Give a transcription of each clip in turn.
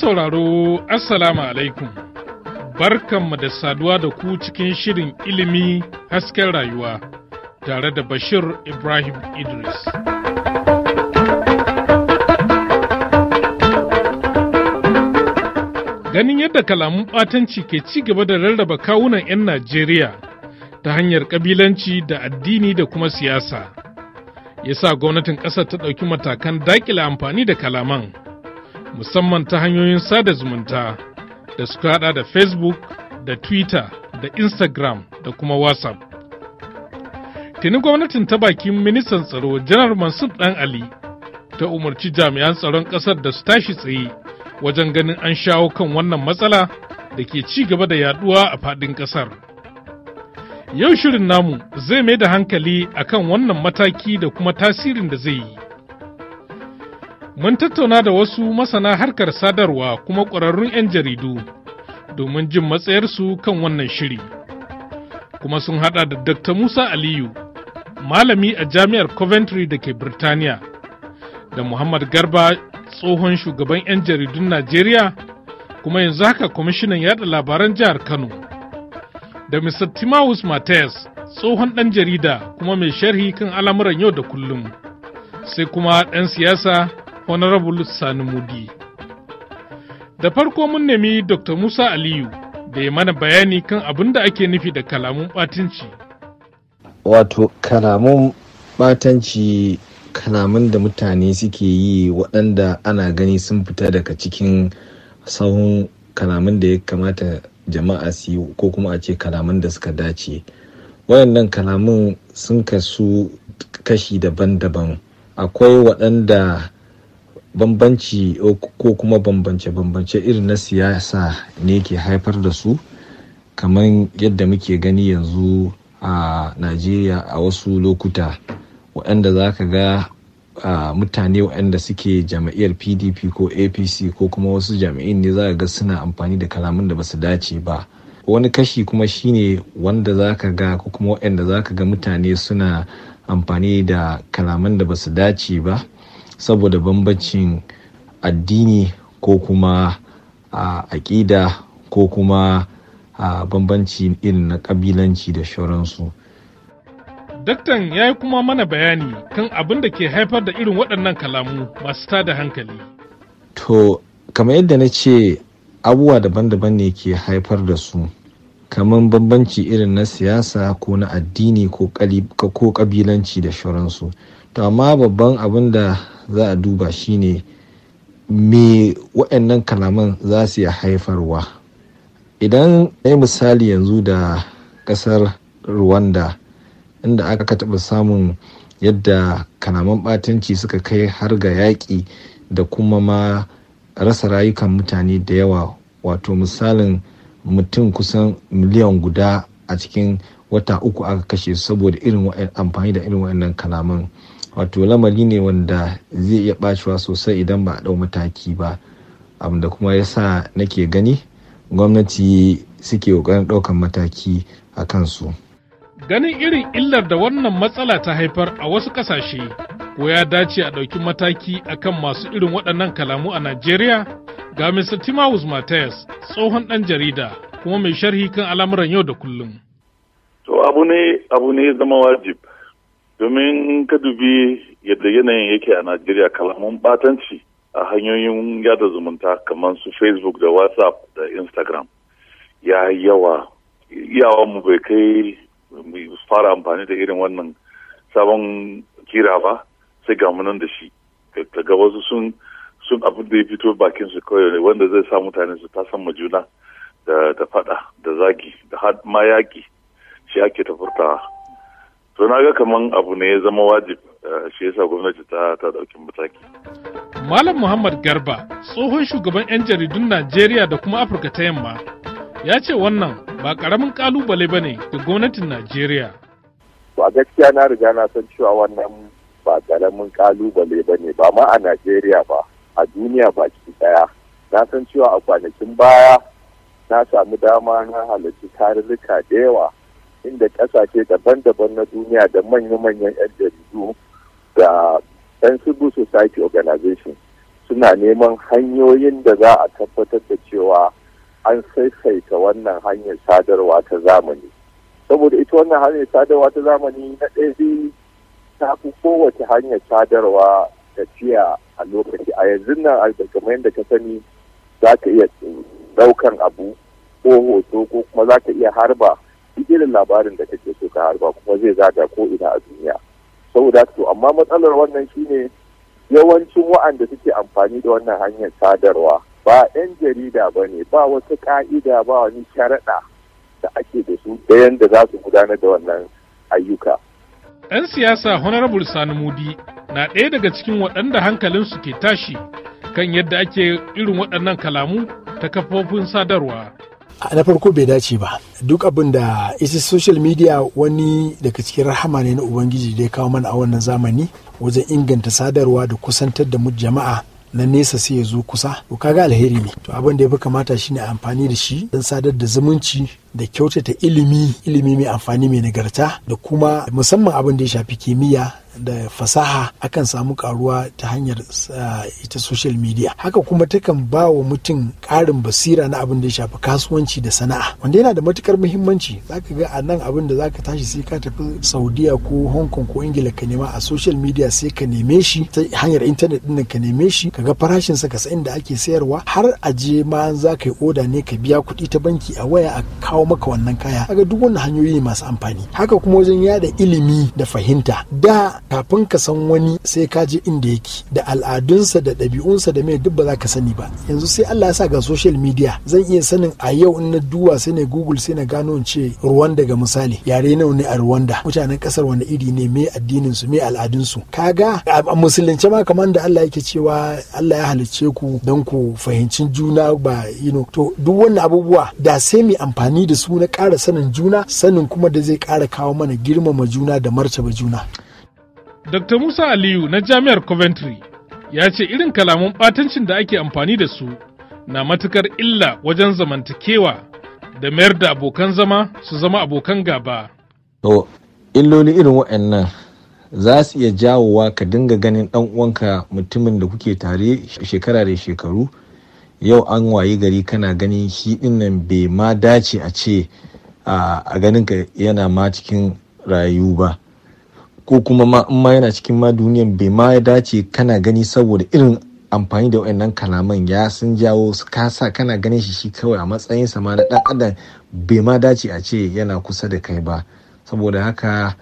sauraro Assalamu alaikum. Barkanmu da saduwa da ku cikin shirin ilimi hasken rayuwa tare da Bashir Ibrahim Idris. Ganin yadda kalamun ɓatanci ke ci gaba da rarraba kawunan 'yan Najeriya ta hanyar kabilanci da addini da kuma siyasa. Ya sa gwamnatin ƙasar ta ɗauki matakan daƙile amfani da kalaman. musamman ta hanyoyin sada zumunta da suka hada da facebook da twitter da instagram da kuma whatsapp tuni gwamnatin ta bakin ministan tsaro janar mansur dan ali ta umarci jami'an tsaron kasar da su tashi tsaye wajen ganin an shawo kan wannan matsala da ke ci gaba da yaduwa a fadin kasar yau shirin namu zai mai da hankali akan wannan mataki da kuma tasirin da zai yi Mun tattauna da wasu masana harkar sadarwa kuma ƙwararrun 'yan jaridu domin jin matsayarsu kan wannan shiri. Kuma sun haɗa da Dr. Musa Aliyu, malami a jami'ar Coventry da ke Birtaniya, da Muhammad Garba tsohon shugaban 'yan jaridun Najeriya kuma yanzu haka kwamishinan yada labaran jihar Kano. Da Mr. Timawus Matthias tsohon ɗan jarida kuma mai sharhi kan al'amuran yau da kullum, sai kuma ɗan siyasa honorable sani mudi da farko mun nemi dr musa aliyu da ya mana bayani kan abin da ake nufi da kalamun ɓatanci. wato kalamun ɓatanci kalaman da mutane suke yi waɗanda ana gani sun fita daga cikin sahun kalamun da ya kamata jama'a su yi ko kuma a ce kalamun da suka dace waɗannan kalamun sun kasu kashi daban-daban akwai waɗanda bambanci ko kuma bambance-bambance irin na siyasa ne ke haifar da su kamar yadda muke gani yanzu a najeriya a wasu lokuta waɗanda za ka ga mutane waɗanda suke jami'ar pdp ko apc ko kuma wasu jami'in ne za ka ga suna amfani da kalamun da ba su dace ba wani kashi kuma shine wanda za ka ga ko kuma waɗanda za ka ga mutane suna amfani da kalaman da ba su dace ba saboda bambancin addini ko kuma aƙida ko kuma a bambanci irin na ƙabilanci da shauransu. Daktan ya yi kuma mana bayani kan abin da ke haifar da irin waɗannan kalamu masu tada hankali. To, kamar yadda na ce abubuwa daban-daban ne ke haifar da su, kamar bambanci irin na siyasa ko na addini ko ƙabilanci da shauransu. to amma babban abin da za a duba shine me waɗannan kalaman za su iya haifarwa idan na misali yanzu da ƙasar rwanda inda aka taɓa samun yadda kalaman ɓatanci suka kai har ga yaƙi da kuma ma rasa rayukan mutane da yawa wato misalin mutum kusan miliyan guda a cikin wata uku aka kashe saboda irin amfani da irin waɗannan kalaman. wato lamari ne wanda zai iya bacewa sosai idan ba a ɗau mataki ba abinda da kuma sa nake gani gwamnati suke ƙoƙarin daukan mataki a kansu ganin irin illar da wannan matsala ta haifar a wasu ƙasashe ko ya dace a ɗauki mataki akan masu irin waɗannan kalamu a najeriya ga mr timawus matthias tsohon ɗan jarida kuma mai sharhi kan al'amuran yau da kullum to abu ne abu ne zama wajib domin ka dubi yadda yanayin yake a najeriya kalaman batanci a hanyoyin yada zumunta kamar su facebook da whatsapp da instagram ya yawa iyawa mu bai kai mu fara amfani da irin wannan sabon kira ba sai ga nan da shi ga wasu sun sun abin da ya fito bakin su kawai ne wanda zai sa mutane su tasan ma juna da fada da zagi da har ma yaki shi ake tafurtawa to na ga kaman abu ne ya zama wajib eh, shi yasa gwamnati ta ta dauki mataki malam muhammad garba tsohon shugaban yan jaridun najeriya da kuma afirka ta yamma ya ce wannan ba karamin kalubale bane ne ga gwamnatin najeriya ba gaskiya na riga na san cewa wannan ba karamin kalubale ba ba ma a najeriya ba a duniya baki daya na san cewa a kwanakin baya na sami dama na halarci tarurruka da yawa inda kasashe daban-daban na duniya da manya-manyan 'yan jaridu da 'yan civil society organization suna neman hanyoyin da za a tabbatar da cewa an saisaita wannan hanyar sadarwa ta zamani saboda ita wannan hanyar sadarwa ta zamani na ɗaya ta fi kowace hanyar sadarwa fiya a lokaci a yanzu nan kamar yadda ka sani za ka iya ɗaukan abu ko hoto ko kuma za ka iya harba duk irin labarin da kake so ka harba kuma zai zaga ko ina a duniya saboda to amma matsalar wannan shine yawancin wa'anda suke amfani da wannan hanyar sadarwa ba 'yan jarida ba ne ba wata ka'ida ba wani sharaɗa da ake da su da yadda za su gudanar da wannan ayyuka. 'Yan siyasa Honorable Sani Mudi na ɗaya daga cikin waɗanda hankalinsu ke tashi kan yadda ake irin waɗannan kalamu ta kafofin sadarwa. na farko bai dace ba duk abin da ita social media wani daga cikin rahama ne na ubangiji da ya kawo mana a wannan zamani wajen inganta sadarwa da kusantar da mu jama'a na nesa sai ya zo kusa to kaga alheri ne to abin da ya fi kamata shine amfani da shi don sadar da zumunci da kyautata ilimi ilimi mai amfani mai nagarta da kuma musamman abin da ya shafi kimiyya da fasaha akan samu karuwa ta hanyar eh, ita social media haka kuma takan ba wa mutum karin basira na abin da ya shafi kasuwanci da sana'a wanda yana da matukar muhimmanci zaka ga a nan abin da zaka tashi sai ka tafi saudiya ko hong kong ko ingila ka nema a social media sai ka neme shi ta hanyar intanet din ka neme shi ka ga farashin sa ka san inda ake sayarwa har a je ma za ka yi oda ne ka biya kuɗi ta banki a waya a kawo maka wannan kaya kaga duk wannan hanyoyi masu amfani haka kuma wajen yada ilimi da fahimta da kafin ka san wani sai ka je inda yake da al'adunsa da ɗabi'unsa da mai duk ba za ka sani ba yanzu sai Allah ya sa ga social media zan iya sanin a yau in na duwa sai na google sai na gano in ce Rwanda ga misali yare nawa ne a Rwanda mutanen kasar wani iri ne mai addinin su me al'adun su kaga a musulunci ma kamar da Allah yake cewa Allah ya halicce ku don ku fahimci juna ba you know to duk wannan abubuwa da sai mai amfani da su na ƙara sanin juna sanin kuma da zai ƙara kawo mana girmama juna da martaba juna Dr. Musa Aliyu na Jami'ar Coventry ya ce irin kalaman ɓatancin da ake amfani da su na matukar illa wajen zamantakewa da mayar da abokan zama su zama abokan gaba. To, illoli irin waɗannan za su iya jawowa ka dinga ganin ɗan uwanka mutumin da kuke tare shekara da shekaru yau an wayi gari kana ganin shi dinnan bai ma dace a ce a ganin ka yana ma cikin rayu ba. ko kuma ma in ma yana cikin ma duniyan bai ma ya dace kana gani saboda irin amfani da wayannan kalaman ya sun jawo su kasa kana ganin shi shi kawai a matsayin sa ma na dan adam bai ma dace a ce yana kusa da kai ba saboda haka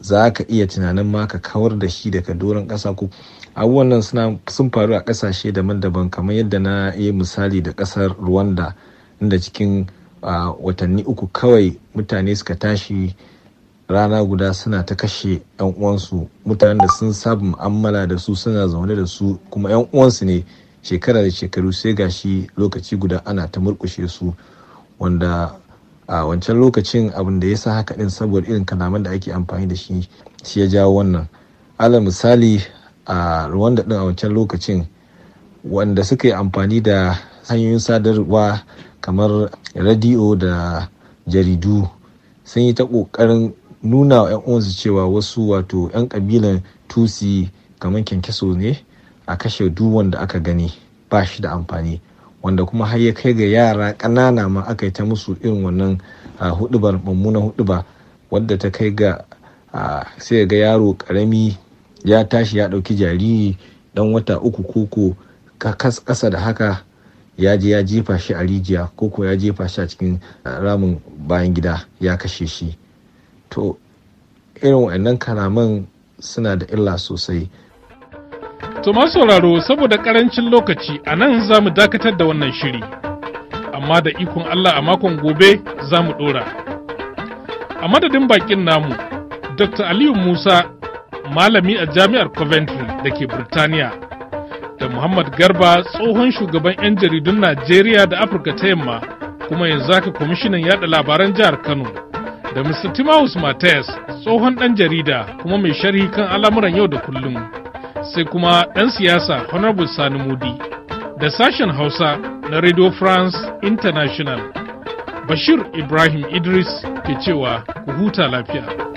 za ka iya tunanin ma ka kawar da shi daga doron ƙasa ko abubuwan nan suna sun faru a ƙasashe daban-daban kamar yadda na yi misali da ƙasar rwanda inda cikin ah, watanni uku kawai mutane suka tashi rana guda suna ta kashe 'yan uwansu mutanen da sun saba mu'amala da su suna zaune da su kuma 'yan uwansu ne shekara da shekaru sai gashi lokaci guda ana ta murkushe su wanda a wancan lokacin abin da ya sa haka din saboda irin kalaman da ake amfani da shi shi ya jawo wannan ala misali a rwanda din a wancan lokacin wanda suka yi amfani da hanyoyin sadarwa kamar rediyo da jaridu sun yi ta kokarin nuna wa 'yan uwansu cewa wasu wato 'yan kabilan tusi kamar kyankyaso ne a kashe duk wanda aka gani ba shi da amfani wanda kuma har ya kai ga yara ƙanana ma aka yi ta musu irin wannan hudubar mummunan hudubar wadda ta kai ga sai ga yaro karami ya tashi ya dauki jariri dan wata uku koko kasa da haka ya je ya jefa shi a rijiya koko ya jefa shi a cikin ramin bayan gida ya kashe shi to irin wa'annan kalaman suna da illa sosai to ma sauraro saboda karancin lokaci a nan za mu dakatar da wannan shiri amma da ikon allah a makon gobe za mu dora a madadin bakin namu dr aliyu musa malami a jami'ar coventry da ke Birtaniya da muhammad garba tsohon shugaban 'yan jaridun najeriya da afirka ta yamma kuma yanzu haka kwamishinan yada labaran jihar kano da Mr. Timaus Mates tsohon ɗan jarida kuma mai sharhi kan al'amuran yau da kullum sai kuma ɗan siyasa Honorable Sani Mudi da sashen Hausa na Radio France International Bashir Ibrahim Idris ke cewa ku huta lafiya.